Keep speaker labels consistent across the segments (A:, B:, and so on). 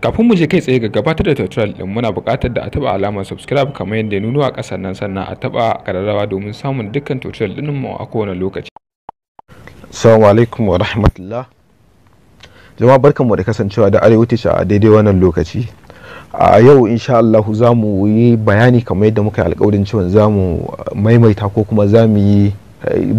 A: kafin mu je kai tsaye ga gabatar da tutorial din muna buƙatar da a taba alamar subscribe kamar yadda ya nuno a ƙasar nan sannan a taba ƙararrawa domin samun dukkan tutorial din mu a kowane lokaci assalamu alaikum wa rahmatullah jama'a barkanmu da kasancewa da arewaci a daidai wannan lokaci a yau insha Allah za mu yi bayani kamar yadda muka yi alƙawarin cewa za mu maimaita ko kuma za mu yi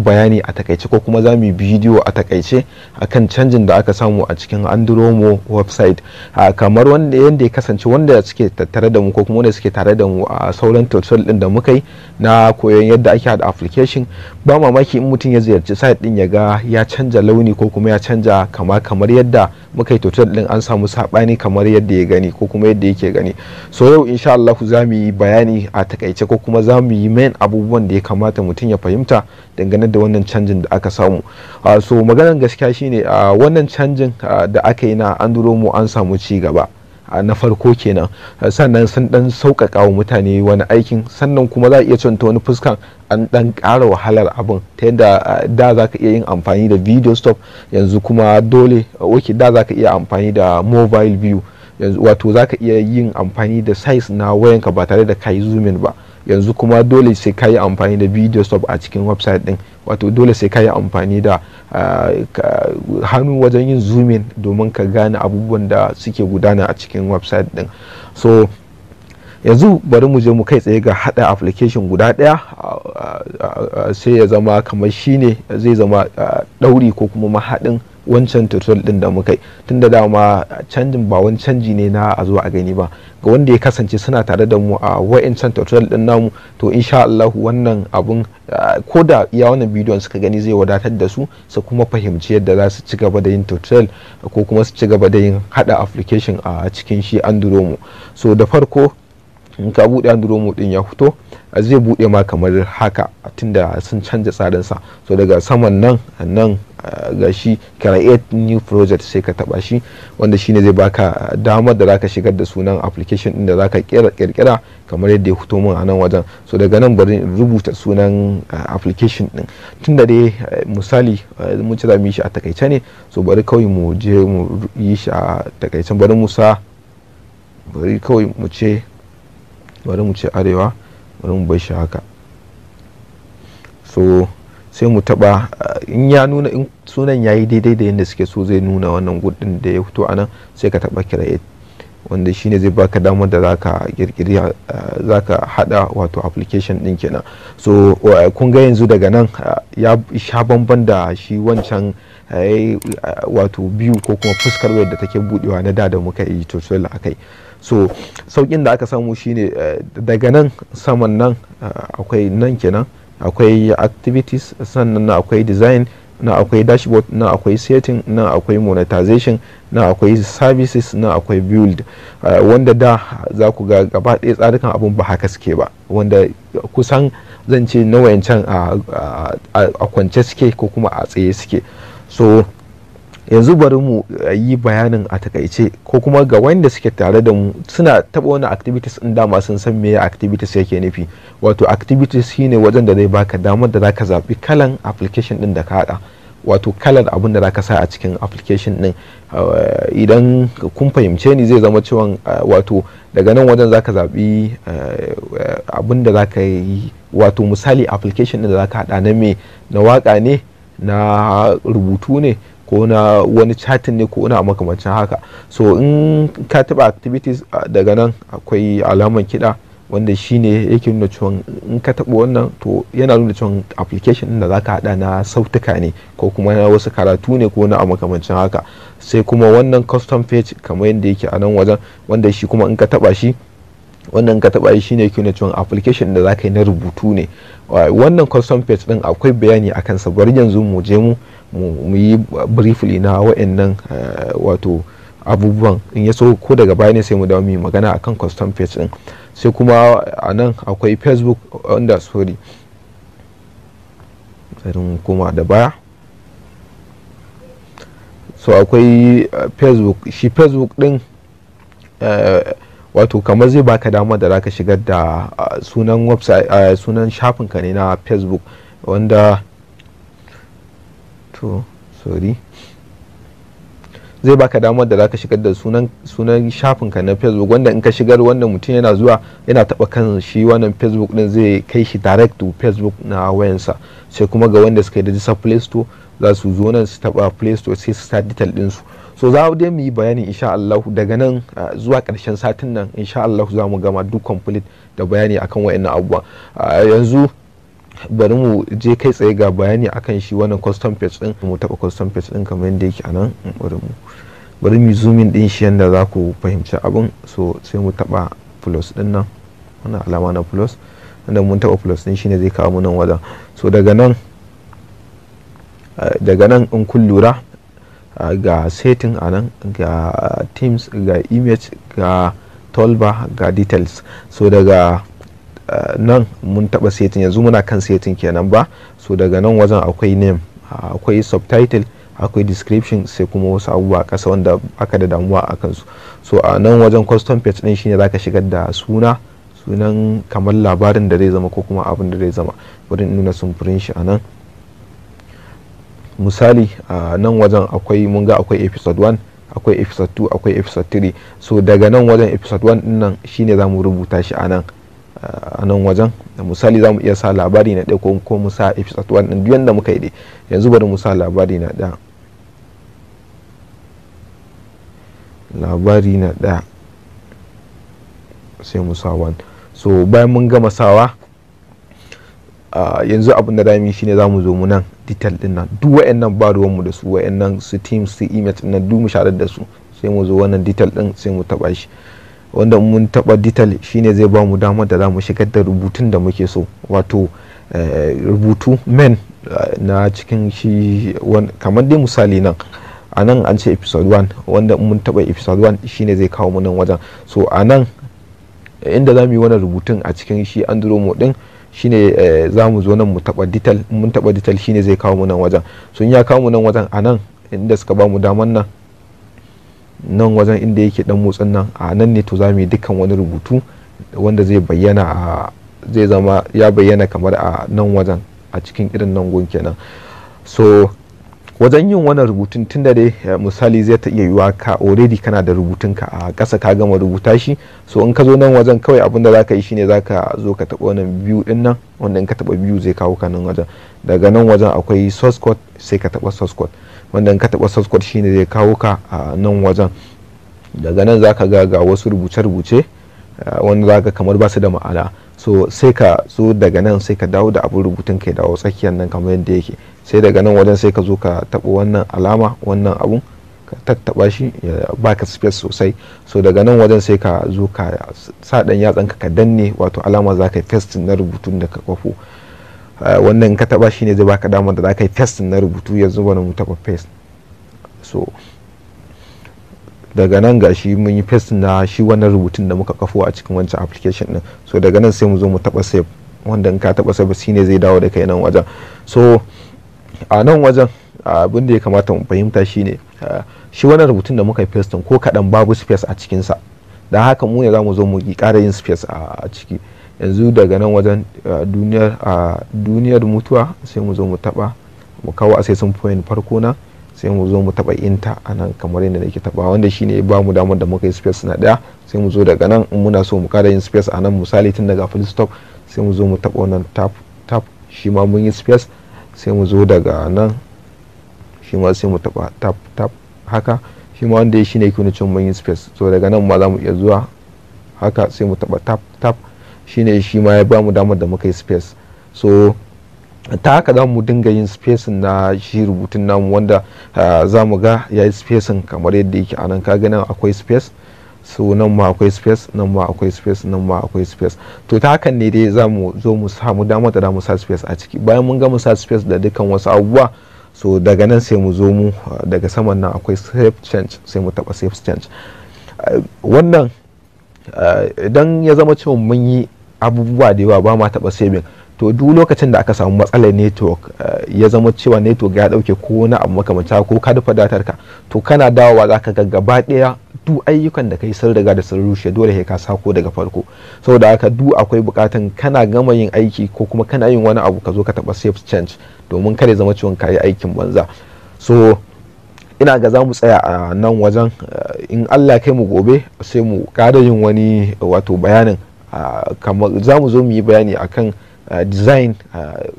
A: bayani a takaice ko kuma za mu yi bidiyo a takaice akan canjin da aka samu a cikin andromo website ah, kamar wanda yadda ya kasance wanda suke tattare da mu ko kuma wanda suke tare da mu a sauran tutorial din da muka yi na koyon yadda ake hada application ba mamaki in mutum ya ziyarci site din ya ga ya canja launi ko kuma ya canja kama kamar yadda muka yi tutorial din an samu sabani kamar yadda ya gani ko kuma yadda yake gani so yau insha Allah za mu yi bayani a takaice ko kuma za mu yi main abubuwan da ya kamata mutum ya fahimta dangane da wannan canjin da aka samu ah, so maganar gaskiya shine a ah, wannan canjin ah, da aka yi na an duro mu an samu ci gaba na farko kenan sannan sun dan sauƙaƙa wa mutane wani aikin sannan kuma za a iya canta wani fuskan an dan ƙara wahalar abin ta yadda da za ka iya yin amfani da video stop yanzu kuma dole wake da za ka iya amfani da mobile view wato za ka iya yin amfani da size na wayanka ba tare da ka yi zoomin ba yanzu kuma dole sai ka yi amfani da video stop a cikin website din wato dole sai ka yi amfani da ah, hannu wajen yin zoomin domin ka gane abubuwan da suke gudana a cikin website din so yanzu bari mu je mu kai tsaye ga hada application guda daya ah, ah, sai ya zama kamar shine zai zama dauri ko kuma mahadin wancan tutorial din da muka yi da dama canjin ba wani canji ne na a zuwa a gani ba ga wanda ya kasance suna tare da mu a wa'ancan tutorial din namu to insha Allah wannan abun ko da ya wannan bidiyon suka gani zai wadatar da su su kuma fahimci yadda za su ci gaba da yin tutorial ko kuma su ci gaba da yin hada application a cikin shi Andromo so da farko in ka bude andromo din ya fito zai bude ma kamar haka tunda sun canja tsarinsa so daga saman nan nan ga shi create new project sai ka taba shi wanda shine zai baka damar da zaka shigar da sunan application din da zaka kera kirkira kamar yadda ya fito min a nan wajen so daga nan bari rubuta sunan eh, application din tunda dai eh, misali eh, mun ci za mu yi shi a takaice ne so bari kawai mu je mu yi shi a takaice bari mu bari kawai mu ce bari mu ce arewa bari mu bar shi haka so sai mu taba in ya nuna in sunan yayi daidai da yadda suke so zai nuna wannan gudun da ya fito anan sai ka taba create wanda shine zai baka damar da zaka kirkiri eh, zaka hada wato application din kenan so kun ga yanzu daga nan eh, ya sha bamban da shi wancan eh, wato biyu ko kuma fuskar wayar da take budewa na da da muka yi tutorial akai so saukin da aka samu shine daga nan saman nan akwai nan kenan akwai activities sannan na akwai design na akwai dashboard na akwai setting na akwai monetization na akwai services na akwai build uh, wanda da za ku ga gaba ɗaya tsarukan abun ba haka suke ba wanda kusan zan ce na can a kwance suke ko kuma a tsaye suke so yanzu bari mu eh, yi bayanin a takaice ko kuma ga wanda suke tare da mu suna taba wani activities in dama sun san meye activities yake nufi wato activities shine wajen da zai baka damar da zaka zabi kalan application din da ka haɗa wato kalar abin da zaka sa a cikin application din eh, idan kun fahimce ni zai zama cewa eh, wato daga nan wajen zaka zaɓi abin da zaka yi wato misali application din da zaka haɗa na me na waka ne na rubutu ne ko na wani chatting ne ko na makamancin haka so in ka taba activities daga nan akwai alaman kiɗa wanda shine yake nuna cewa in ka taɓa wannan to yana nuna cewa application inda da za ka haɗa na sautuka ne ko kuma na wasu karatu ne ko na a makamancin haka sai kuma wannan custom page kamar yadda yake a nan wajen wanda shi kuma in ka taɓa shi wannan ka taba yi shine ke ne cewa application da zaka yi na rubutu ne wannan custom page din akwai bayani akan sa bari yanzu mu je mu mu yi briefly na wa'annan eh, wato abubuwan in ya so ko daga baya ne sai mu dawo mu magana akan custom page din sai kuma a nan akwai facebook under sorry tsarin kuma da baya so akwai eh, facebook shi facebook din eh, wato kamar zai baka dama da zaka shigar da sunan website sunan shafin ka ne na facebook wanda to sorry zai baka damar da zaka shigar da sunan sunan shafin ka na facebook wanda in ka shigar wanda mutum yana zuwa yana taba kan shi wannan facebook din zai kai shi direct to facebook na wayansa sai kuma ga wanda suka yi da play store za su zo nan su taba play store sai su start detail din su so za mu dai mu yi bayani insha Allah daga nan uh, zuwa karshen satin nan insha Allah za mu gama duk complete da bayani akan wayannan abubuwa uh, yanzu bari mu je kai tsaye ga bayani akan shi wannan custom page din mu taba custom page din kamar yadda yake anan bari mu bari mu zoom din shi yanda za ku fahimci abin so sai mu taba plus din nan wannan alama na plus wanda mun taba plus din shine zai kawo mu nan wajen so daga nan uh, daga nan in kun lura ga setting a nan ga teams ga image ga tolba ga details so daga nan mun taba setting yanzu muna kan setting kenan ba so daga nan wajen akwai name akwai subtitle akwai description sai kuma wasu abubuwa kasa ƙasa wanda aka da damuwa a kansu so a nan wajen custom page din shine zaka shigar da suna sunan kamar labarin da zai zama ko kuma abin da zai zama wurin nuna sumfurin shi a nan misali a nan wajen akwai mun ga akwai episode 1 akwai episode 2 akwai episode 3 so daga nan wajen episode 1 nan shine za mu rubuta shi a nan a nan wajen misali za mu iya sa labari na ɗaya ko mu sa episode 1 din duk yanda muka yi dai yanzu bari mu sa labari na ɗaya labari na ɗaya sai mu sa 1 so bayan mun gama sawa Ah, yanzu abin da dami shine za mu zo mu nan detail din nan duk wa'annan ba ruwanmu da su wa'annan su team su email din nan duk mu sharar da su sai mu zo wannan detail din sai mu taba shi wanda mun taba detail shine zai ba mu damar da za mu shigar da rubutun da muke so wato eh, rubutu men eh, na cikin shi kamar dai misali nan a nan an ce episode 1 wanda mun taba episode 1 shine zai kawo mu nan wajen so a nan inda za mu yi wani rubutun a cikin shi andromo din shine eh, za mu zo nan mu taba dital mun taba shine zai kawo mu nan wajen sun ya kawo mu nan wajen a nan inda suka ba mu daman nan nan wajen inda yake dan motsin nan a nan ne to za mu yi dukkan wani rubutu wanda zai bayyana a zai zama ya bayyana kamar a nan wajen a cikin irin nan gun kenan so wajen yin wannan rubutun tun da dai eh, misali zai ta iya yiwuwa ka already kana da rubutun ka a ƙasa ka gama rubuta shi so in ka zo nan wajen kawai abin da za ka yi shine za ka zo ka taɓa wannan biyu din nan wanda in ka taɓa biyu zai kawo ka nan wajen daga nan wajen akwai source code sai ka taɓa source code wanda in ka taɓa source code shine zai kawo ka a nan wajen daga nan za ka ga ga wasu rubuce-rubuce Eh, wani zaka kamar ba su da ma'ana so sai ka zo daga nan sai ka dawo da abin rubutun ka dawo tsakiyar nan kamar yadda yake sai daga nan wajen sai ka zo ka taɓa wannan alama wannan abun ka tattaɓa shi ya baka space sosai so daga nan wajen sai ka zo ka sa ɗan yatsan ka danne wato alama za ka yi na rubutun da ka kwafo eh, wannan ka taɓa shi ne zai baka damar da za ka yi na rubutu yanzu wani mu taɓa paste so daga nan ga shi mun yi fes na shi wannan rubutun da muka kafo a cikin wancan application din so daga nan sai mu zo mu taba save wanda in ka taba save ne zai dawo da kai nan wajen so a nan wajen abin da ya kamata mu fahimta shi ne shi wannan rubutun da muka fes din ko kadan babu space a cikin sa dan haka mu ne za mu zo mu yi ƙara yin space a ciki yanzu daga nan wajen duniyar duniyar mutuwa sai mu zo mu taba mu kawo assessment point farko na sai mu zo mu taba inta a nan kamar yadda nake taba wanda shine ba mu damar da muka yi space na daya sai mu zo daga nan in muna so mu kada yin space a nan misali tun daga full stop sai mu zo mu taba wannan tap tap shi ma mun yi space sai mu zo daga nan shi ma sai mu taba tap tap haka shi ma wanda shine yake nuna mun yi space so daga nan ma za mu iya zuwa haka sai mu taba tap tap shine shi ma ya ba mu damar da muka yi space so ta haka za mu dinga yin spacing na shi rubutun namu wanda eh, za mu ga ya yi spacing kamar yadda yake anan nan ka gani akwai space so nan ma akwai space nan ma akwai space nan ma akwai space to ta haka ne dai za mu zo mu samu damar da mu sa space a ciki bayan mun ga mu sa space da dukkan wasu abubuwa so daga nan sai mu zo mu daga saman nan akwai safe change sai mu taba safe change eh, wannan eh, idan ya zama cewa mun yi abubuwa da yawa ba ma taba saving to duk lokacin da aka samu matsalar network eh, ya zama cewa network ya dauke ko na abu makamanta ko ka dafa datar ka to kana dawowa zaka ga gaba daya duk ayyukan da kai sun riga da sun rushe dole ka sako daga farko saboda haka duk akwai bukatan kana gama yin aiki ko kuma kana yin wani abu ka zo ka taba safe change domin kada zama ciwon kayi aikin banza so ina ga za mu tsaya a nan wajen eh, in allah kai mu gobe sai mu kada yin wani wato bayanin ah, kamar za mu zo mu yi bayani akan design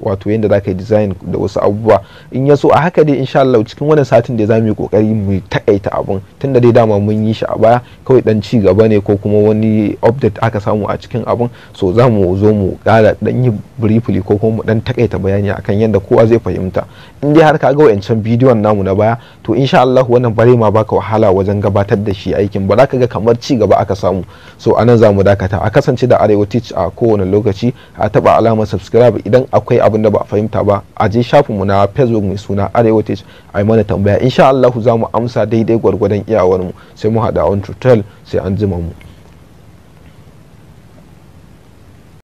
A: wato yadda za ka yi design da wasu abubuwa in ya so a haka dai insha Allah cikin wannan satin da za mu yi kokari mu takaita abun tunda dai dama mun yi shi a baya kawai dan ci gaba ne ko kuma wani update aka samu a cikin abun so za mu zo mu kara dan yi briefly ko kuma mu dan takaita bayani akan yadda kowa zai fahimta in dai har ka ga wayancan bidiyon namu na baya to insha Allah wannan bare ma baka wahala wajen gabatar da shi aikin ba za ka ga kamar ci gaba aka samu so anan za mu dakata a kasance da arewa teach a kowane lokaci a taba alama. kuma subscribe idan akwai abin da ba a fahimta ba a je shafin mu na facebook mai suna arewa tech a yi mana tambaya insha Allah za mu amsa daidai gwargwadon iyawar mu sai mu haɗa on tutel sai an jima mu